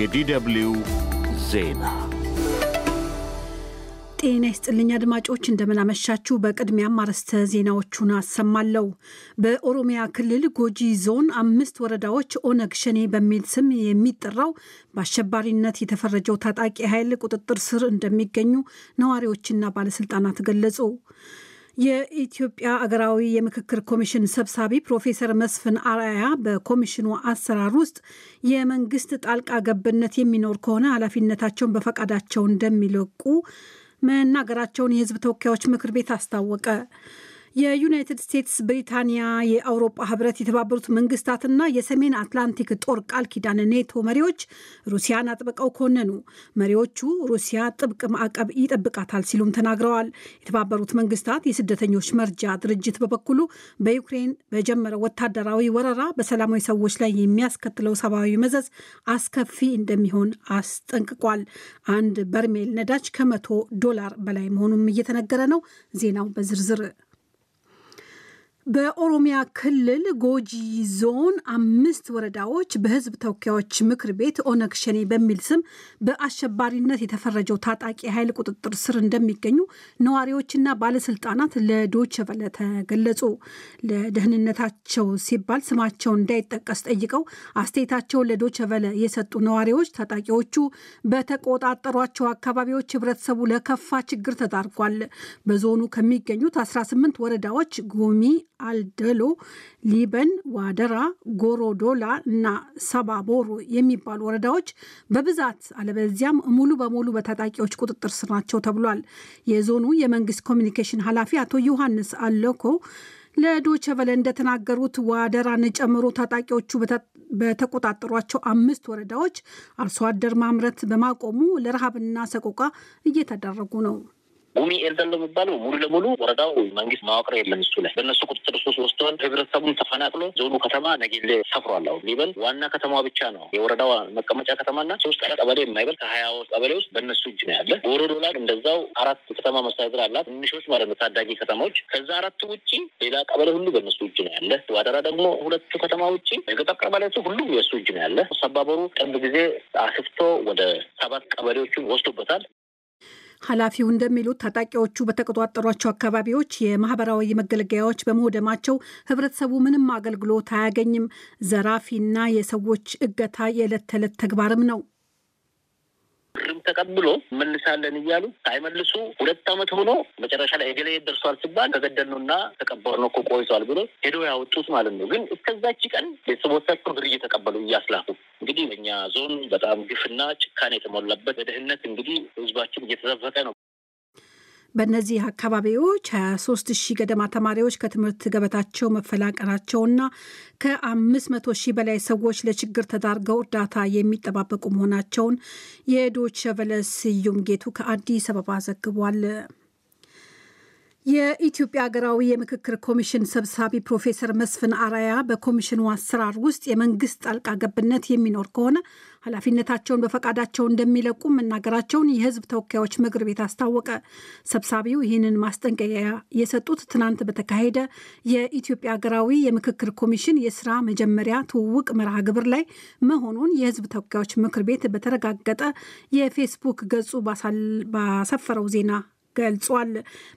የዲደብልዩ ዜና ጤና ይስጥልኝ አድማጮች፣ እንደምናመሻችሁ። በቅድሚያም አርዕስተ ዜናዎቹን አሰማለሁ። በኦሮሚያ ክልል ጎጂ ዞን አምስት ወረዳዎች ኦነግ ሸኔ በሚል ስም የሚጠራው በአሸባሪነት የተፈረጀው ታጣቂ ኃይል ቁጥጥር ስር እንደሚገኙ ነዋሪዎችና ባለስልጣናት ገለጹ። የኢትዮጵያ አገራዊ የምክክር ኮሚሽን ሰብሳቢ ፕሮፌሰር መስፍን አርአያ በኮሚሽኑ አሰራር ውስጥ የመንግስት ጣልቃ ገብነት የሚኖር ከሆነ ኃላፊነታቸውን በፈቃዳቸው እንደሚለቁ መናገራቸውን የህዝብ ተወካዮች ምክር ቤት አስታወቀ። የዩናይትድ ስቴትስ፣ ብሪታንያ፣ የአውሮፓ ህብረት፣ የተባበሩት መንግስታትና የሰሜን አትላንቲክ ጦር ቃል ኪዳን ኔቶ መሪዎች ሩሲያን አጥብቀው ኮነኑ። መሪዎቹ ሩሲያ ጥብቅ ማዕቀብ ይጠብቃታል ሲሉም ተናግረዋል። የተባበሩት መንግስታት የስደተኞች መርጃ ድርጅት በበኩሉ በዩክሬን በጀመረው ወታደራዊ ወረራ በሰላማዊ ሰዎች ላይ የሚያስከትለው ሰብአዊ መዘዝ አስከፊ እንደሚሆን አስጠንቅቋል። አንድ በርሜል ነዳጅ ከመቶ ዶላር በላይ መሆኑም እየተነገረ ነው። ዜናው በዝርዝር በኦሮሚያ ክልል ጎጂ ዞን አምስት ወረዳዎች በህዝብ ተወካዮች ምክር ቤት ኦነግ ሸኔ በሚል ስም በአሸባሪነት የተፈረጀው ታጣቂ ኃይል ቁጥጥር ስር እንደሚገኙ ነዋሪዎችና ባለስልጣናት ለዶይቼ ተገለጹ። ለደህንነታቸው ሲባል ስማቸው እንዳይጠቀስ ጠይቀው አስተያየታቸውን ለዶይቼ የሰጡ ነዋሪዎች ታጣቂዎቹ በተቆጣጠሯቸው አካባቢዎች ህብረተሰቡ ለከፋ ችግር ተዳርጓል። በዞኑ ከሚገኙት 18 ወረዳዎች ጎሚ። አልደሎ፣ ሊበን፣ ዋደራ፣ ጎሮዶላ እና ሰባቦሮ የሚባሉ ወረዳዎች በብዛት አለበዚያም ሙሉ በሙሉ በታጣቂዎች ቁጥጥር ስር ናቸው ተብሏል። የዞኑ የመንግስት ኮሚኒኬሽን ኃላፊ አቶ ዮሐንስ አለኮ ለዶቸቨለ እንደተናገሩት ዋደራን ጨምሮ ታጣቂዎቹ በተቆጣጠሯቸው አምስት ወረዳዎች አርሶ አደር ማምረት በማቆሙ ለረሃብና ሰቆቃ እየተደረጉ ነው። ጉሚ ኤልተን ነው የሚባለው ሙሉ ለሙሉ ወረዳው መንግስት ማዋቅር የለም እሱ ላይ በእነሱ ቁጥጥር ሶስት ወስተዋል። ህብረተሰቡን ተፈናቅሎ ዞኑ ከተማ ነጌሌ ሰፍሯል። አሁን ሊበን ዋና ከተማ ብቻ ነው የወረዳው መቀመጫ ከተማና ሶስት ቀበሌ የማይበል ከሀያ ቀበሌ ውስጥ በእነሱ እጅ ነው ያለ። ጎሮዶ ላይ እንደዛው አራት ከተማ መስተዳድር አላት ትንሾች ማለት ነው ታዳጊ ከተማዎች። ከዛ አራቱ ውጭ ሌላ ቀበሌ ሁሉ በእነሱ እጅ ነው ያለ። ዋደራ ደግሞ ሁለቱ ከተማ ውጭ የገጠር ቀበሌቱ ሁሉም የእሱ እጅ ነው ያለ። ሰባበሩ ቅርብ ጊዜ አስፍቶ ወደ ሰባት ቀበሌዎቹን ወስዶበታል። ኃላፊው እንደሚሉት ታጣቂዎቹ በተቆጣጠሯቸው አካባቢዎች የማህበራዊ መገልገያዎች በመውደማቸው ህብረተሰቡ ምንም አገልግሎት አያገኝም። ዘራፊና የሰዎች እገታ የዕለት ተዕለት ተግባርም ነው። ብርም ተቀብሎ መልሳለን እያሉ ሳይመልሱ ሁለት ዓመት ሆኖ መጨረሻ ላይ የገሌ ደርሷል ሲባል ተገደል ነው እና ተቀበር ነው እኮ ቆይቷል ብሎ ሄዶ ያወጡት ማለት ነው። ግን እስከዛች ቀን ቤተሰቦቻቸው ብር እየተቀበሉ እያስላኩ እንግዲህ በእኛ ዞን በጣም ግፍና ጭካኔ የተሞላበት በድህነት እንግዲህ ህዝባችን እየተዘፈቀ ነው። በእነዚህ አካባቢዎች 23 ሺህ ገደማ ተማሪዎች ከትምህርት ገበታቸው መፈላቀላቸውና ከ500 ሺህ በላይ ሰዎች ለችግር ተዳርገው እርዳታ የሚጠባበቁ መሆናቸውን የዶቸ ቨለ ስዩም ጌቱ ከአዲስ አበባ ዘግቧል። የኢትዮጵያ ሀገራዊ የምክክር ኮሚሽን ሰብሳቢ ፕሮፌሰር መስፍን አራያ በኮሚሽኑ አሰራር ውስጥ የመንግስት ጣልቃ ገብነት የሚኖር ከሆነ ኃላፊነታቸውን በፈቃዳቸው እንደሚለቁ መናገራቸውን የሕዝብ ተወካዮች ምክር ቤት አስታወቀ። ሰብሳቢው ይህንን ማስጠንቀቂያ የሰጡት ትናንት በተካሄደ የኢትዮጵያ ሀገራዊ የምክክር ኮሚሽን የስራ መጀመሪያ ትውውቅ መርሃ ግብር ላይ መሆኑን የሕዝብ ተወካዮች ምክር ቤት በተረጋገጠ የፌስቡክ ገጹ ባሰፈረው ዜና ገልጿል።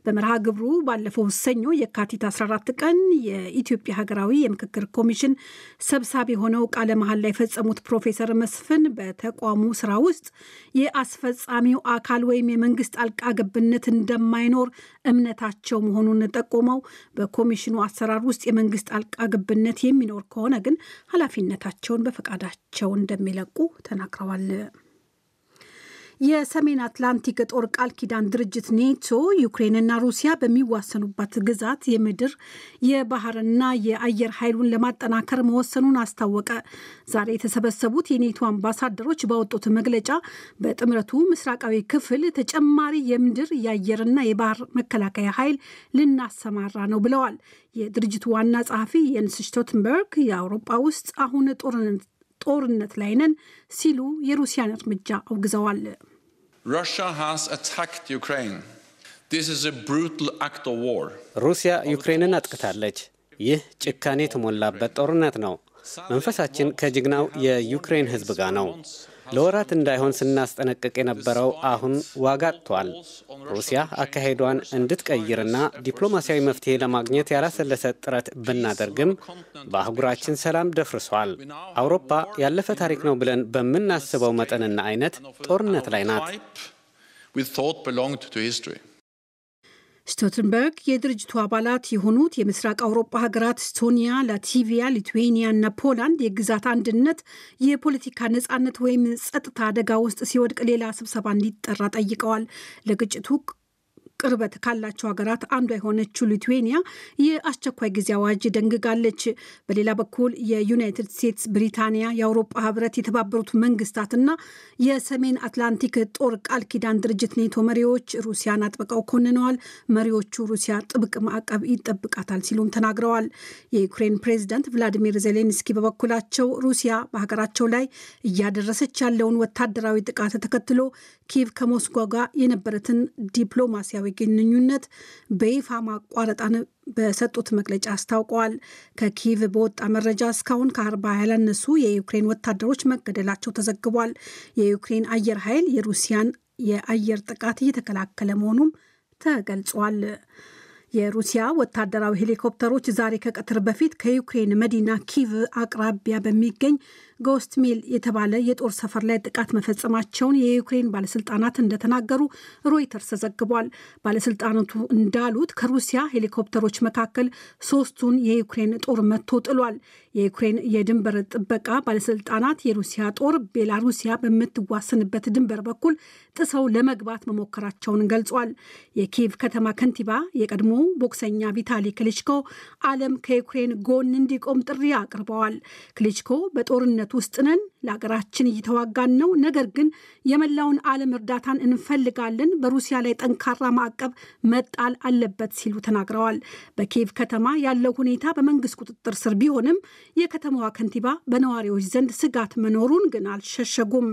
በመርሃ ግብሩ ባለፈው ሰኞ የካቲት 14 ቀን የኢትዮጵያ ሀገራዊ የምክክር ኮሚሽን ሰብሳቢ ሆነው ቃለ መሀል ላይ የፈጸሙት ፕሮፌሰር መስፍን በተቋሙ ስራ ውስጥ የአስፈጻሚው አካል ወይም የመንግስት ጣልቃ ገብነት እንደማይኖር እምነታቸው መሆኑን ጠቁመው በኮሚሽኑ አሰራር ውስጥ የመንግስት ጣልቃ ገብነት የሚኖር ከሆነ ግን ኃላፊነታቸውን በፈቃዳቸው እንደሚለቁ ተናግረዋል። የሰሜን አትላንቲክ ጦር ቃል ኪዳን ድርጅት ኔቶ ዩክሬንና ሩሲያ በሚዋሰኑባት ግዛት የምድር የባህርና የአየር ኃይሉን ለማጠናከር መወሰኑን አስታወቀ። ዛሬ የተሰበሰቡት የኔቶ አምባሳደሮች ባወጡት መግለጫ በጥምረቱ ምስራቃዊ ክፍል ተጨማሪ የምድር የአየርና የባህር መከላከያ ኃይል ልናሰማራ ነው ብለዋል። የድርጅቱ ዋና ጸሐፊ የንስ ስቶልተንበርግ የአውሮፓ ውስጥ አሁን ጦርነት ጦርነት ላይ ነን ሲሉ የሩሲያን እርምጃ አውግዘዋል። ሩሲያ ዩክሬንን አጥቅታለች። ይህ ጭካኔ የተሞላበት ጦርነት ነው። መንፈሳችን ከጅግናው የዩክሬን ሕዝብ ጋር ነው። ለወራት እንዳይሆን ስናስጠነቅቅ የነበረው አሁን ዋጋ አጥቷል። ሩሲያ አካሄዷን እንድትቀይርና ዲፕሎማሲያዊ መፍትሄ ለማግኘት ያላሰለሰ ጥረት ብናደርግም በአህጉራችን ሰላም ደፍርሷል። አውሮፓ ያለፈ ታሪክ ነው ብለን በምናስበው መጠንና አይነት ጦርነት ላይ ናት። ስቶልተንበርግ የድርጅቱ አባላት የሆኑት የምስራቅ አውሮፓ ሀገራት ስቶኒያ፣ ላትቪያ፣ ሊትዌኒያ እና ፖላንድ የግዛት አንድነት የፖለቲካ ነጻነት ወይም ጸጥታ አደጋ ውስጥ ሲወድቅ ሌላ ስብሰባ እንዲጠራ ጠይቀዋል። ለግጭቱ ቅርበት ካላቸው ሀገራት አንዷ የሆነችው ሊትዌኒያ የአስቸኳይ ጊዜ አዋጅ ደንግጋለች። በሌላ በኩል የዩናይትድ ስቴትስ፣ ብሪታንያ፣ የአውሮፓ ህብረት፣ የተባበሩት መንግስታትና የሰሜን አትላንቲክ ጦር ቃል ኪዳን ድርጅት ኔቶ መሪዎች ሩሲያን አጥብቀው ኮንነዋል። መሪዎቹ ሩሲያ ጥብቅ ማዕቀብ ይጠብቃታል ሲሉም ተናግረዋል። የዩክሬን ፕሬዚዳንት ቭላዲሚር ዜሌንስኪ በበኩላቸው ሩሲያ በሀገራቸው ላይ እያደረሰች ያለውን ወታደራዊ ጥቃት ተከትሎ ኪየቭ ከሞስኮ ጋር የነበረትን ዲፕሎማሲያዊ ግንኙነት በይፋ ማቋረጣን በሰጡት መግለጫ አስታውቀዋል። ከኪቭ በወጣ መረጃ እስካሁን ከአርባ ያላነሱ የዩክሬን ወታደሮች መገደላቸው ተዘግቧል። የዩክሬን አየር ኃይል የሩሲያን የአየር ጥቃት እየተከላከለ መሆኑም ተገልጿል። የሩሲያ ወታደራዊ ሄሊኮፕተሮች ዛሬ ከቀትር በፊት ከዩክሬን መዲና ኪቭ አቅራቢያ በሚገኝ ጎስት ሚል የተባለ የጦር ሰፈር ላይ ጥቃት መፈጸማቸውን የዩክሬን ባለስልጣናት እንደተናገሩ ሮይተርስ ዘግቧል። ባለስልጣናቱ እንዳሉት ከሩሲያ ሄሊኮፕተሮች መካከል ሶስቱን የዩክሬን ጦር መጥቶ ጥሏል። የዩክሬን የድንበር ጥበቃ ባለስልጣናት የሩሲያ ጦር ቤላሩሲያ በምትዋሰንበት ድንበር በኩል ጥሰው ለመግባት መሞከራቸውን ገልጿል። የኪየቭ ከተማ ከንቲባ የቀድሞ ቦክሰኛ ቪታሊ ክሊችኮ ዓለም ከዩክሬን ጎን እንዲቆም ጥሪ አቅርበዋል። ክሊችኮ በጦርነት ውስጥ ነን፣ ለሀገራችን እየተዋጋን ነው፣ ነገር ግን የመላውን ዓለም እርዳታን እንፈልጋለን፣ በሩሲያ ላይ ጠንካራ ማዕቀብ መጣል አለበት ሲሉ ተናግረዋል። በኪቭ ከተማ ያለው ሁኔታ በመንግስት ቁጥጥር ስር ቢሆንም የከተማዋ ከንቲባ በነዋሪዎች ዘንድ ስጋት መኖሩን ግን አልሸሸጉም።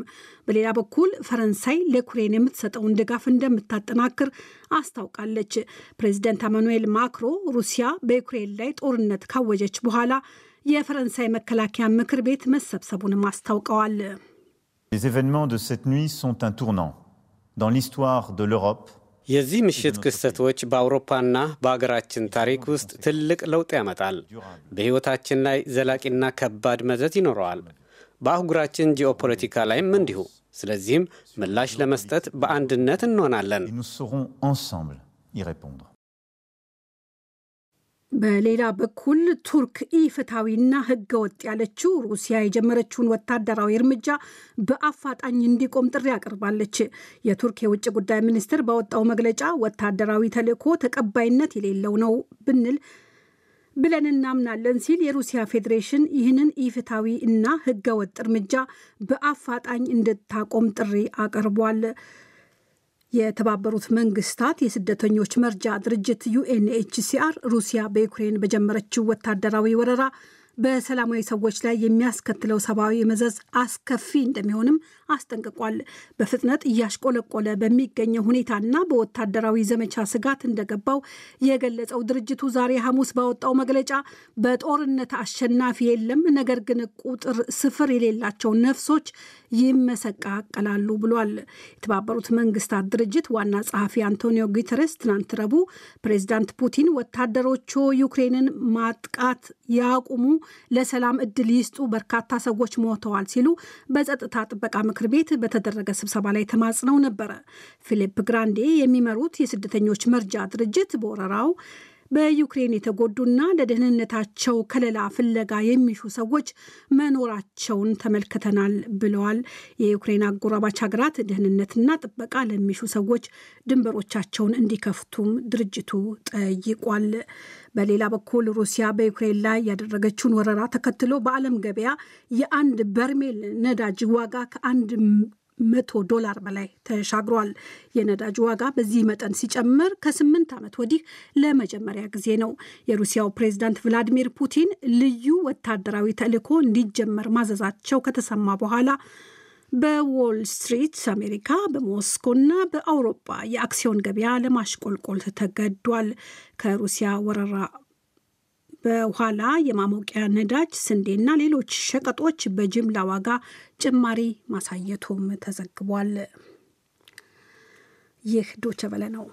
በሌላ በኩል ፈረንሳይ ለዩክሬን የምትሰጠውን ድጋፍ እንደምታጠናክር አስታውቃለች። ፕሬዚደንት አማኑኤል ማክሮ ሩሲያ በዩክሬን ላይ ጦርነት ካወጀች በኋላ የፈረንሳይ መከላከያ ምክር ቤት መሰብሰቡንም አስታውቀዋል። Les événements de cette nuit sont un tournant dans l'histoire de l'Europe የዚህ ምሽት ክስተቶች በአውሮፓና በአገራችን ታሪክ ውስጥ ትልቅ ለውጥ ያመጣል። በሕይወታችን ላይ ዘላቂና ከባድ መዘዝ ይኖረዋል። በአህጉራችን ጂኦፖለቲካ ላይም እንዲሁ። ስለዚህም ምላሽ ለመስጠት በአንድነት እንሆናለን። በሌላ በኩል ቱርክ ኢፍትሐዊና ሕገ ወጥ ያለችው ሩሲያ የጀመረችውን ወታደራዊ እርምጃ በአፋጣኝ እንዲቆም ጥሪ አቅርባለች። የቱርክ የውጭ ጉዳይ ሚኒስትር ባወጣው መግለጫ ወታደራዊ ተልዕኮ ተቀባይነት የሌለው ነው ብንል ብለን እናምናለን ሲል የሩሲያ ፌዴሬሽን ይህንን ኢፍትሐዊ እና ሕገ ወጥ እርምጃ በአፋጣኝ እንድታቆም ጥሪ አቅርቧል። የተባበሩት መንግስታት የስደተኞች መርጃ ድርጅት ዩኤንኤችሲአር ሩሲያ በዩክሬን በጀመረችው ወታደራዊ ወረራ በሰላማዊ ሰዎች ላይ የሚያስከትለው ሰብአዊ መዘዝ አስከፊ እንደሚሆንም አስጠንቅቋል። በፍጥነት እያሽቆለቆለ በሚገኘው ሁኔታና በወታደራዊ ዘመቻ ስጋት እንደገባው የገለጸው ድርጅቱ ዛሬ ሐሙስ ባወጣው መግለጫ በጦርነት አሸናፊ የለም፣ ነገር ግን ቁጥር ስፍር የሌላቸው ነፍሶች ይመሰቃቀላሉ ብሏል። የተባበሩት መንግስታት ድርጅት ዋና ጸሐፊ አንቶኒዮ ጉተረስ ትናንት ረቡዕ ፕሬዚዳንት ፑቲን ወታደሮቹ ዩክሬንን ማጥቃት ያቁሙ፣ ለሰላም እድል ይስጡ፣ በርካታ ሰዎች ሞተዋል ሲሉ በጸጥታ ጥበቃ ምክር ቤት በተደረገ ስብሰባ ላይ ተማጽነው ነበረ። ፊሊፕ ግራንዴ የሚመሩት የስደተኞች መርጃ ድርጅት በወረራው በዩክሬን የተጎዱና ለደህንነታቸው ከለላ ፍለጋ የሚሹ ሰዎች መኖራቸውን ተመልክተናል ብለዋል። የዩክሬን አጎራባች ሀገራት ደህንነትና ጥበቃ ለሚሹ ሰዎች ድንበሮቻቸውን እንዲከፍቱም ድርጅቱ ጠይቋል። በሌላ በኩል ሩሲያ በዩክሬን ላይ ያደረገችውን ወረራ ተከትሎ በዓለም ገበያ የአንድ በርሜል ነዳጅ ዋጋ ከአንድ መቶ ዶላር በላይ ተሻግሯል። የነዳጅ ዋጋ በዚህ መጠን ሲጨምር ከስምንት ዓመት ወዲህ ለመጀመሪያ ጊዜ ነው። የሩሲያው ፕሬዚዳንት ቭላዲሚር ፑቲን ልዩ ወታደራዊ ተልዕኮ እንዲጀመር ማዘዛቸው ከተሰማ በኋላ በዎል ስትሪት አሜሪካ፣ በሞስኮና በአውሮፓ የአክሲዮን ገበያ ለማሽቆልቆል ተገዷል። ከሩሲያ ወረራ በኋላ የማሞቂያ ነዳጅ፣ ስንዴና ሌሎች ሸቀጦች በጅምላ ዋጋ ጭማሪ ማሳየቱም ተዘግቧል። ይህ ዶቸ በለ ነው።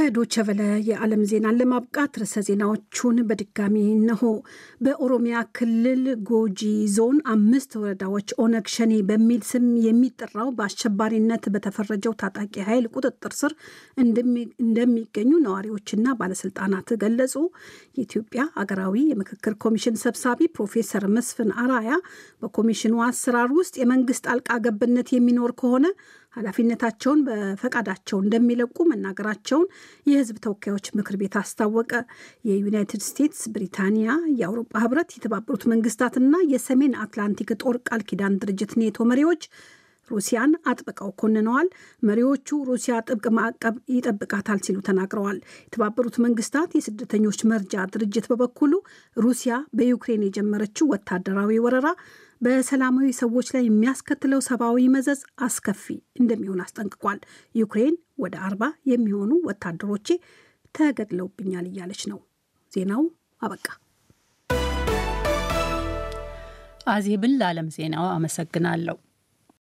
ከዶቸቨለ የዓለም ዜናን ለማብቃት ርዕሰ ዜናዎቹን በድጋሚ እነሆ። በኦሮሚያ ክልል ጎጂ ዞን አምስት ወረዳዎች ኦነግ ሸኔ በሚል ስም የሚጠራው በአሸባሪነት በተፈረጀው ታጣቂ ኃይል ቁጥጥር ስር እንደሚገኙ ነዋሪዎችና ባለስልጣናት ገለጹ። የኢትዮጵያ አገራዊ የምክክር ኮሚሽን ሰብሳቢ ፕሮፌሰር መስፍን አራያ በኮሚሽኑ አሰራር ውስጥ የመንግስት ጣልቃ ገብነት የሚኖር ከሆነ ኃላፊነታቸውን በፈቃዳቸው እንደሚለቁ መናገራቸውን የህዝብ ተወካዮች ምክር ቤት አስታወቀ። የዩናይትድ ስቴትስ፣ ብሪታንያ፣ የአውሮፓ ህብረት፣ የተባበሩት መንግስታትና የሰሜን አትላንቲክ ጦር ቃል ኪዳን ድርጅት ኔቶ መሪዎች ሩሲያን አጥብቀው ኮንነዋል። መሪዎቹ ሩሲያ ጥብቅ ማዕቀብ ይጠብቃታል ሲሉ ተናግረዋል። የተባበሩት መንግስታት የስደተኞች መርጃ ድርጅት በበኩሉ ሩሲያ በዩክሬን የጀመረችው ወታደራዊ ወረራ በሰላማዊ ሰዎች ላይ የሚያስከትለው ሰብአዊ መዘዝ አስከፊ እንደሚሆን አስጠንቅቋል። ዩክሬን ወደ አርባ የሚሆኑ ወታደሮቼ ተገድለውብኛል እያለች ነው። ዜናው አበቃ። አዜብን ለዓለም ዜናው አመሰግናለሁ።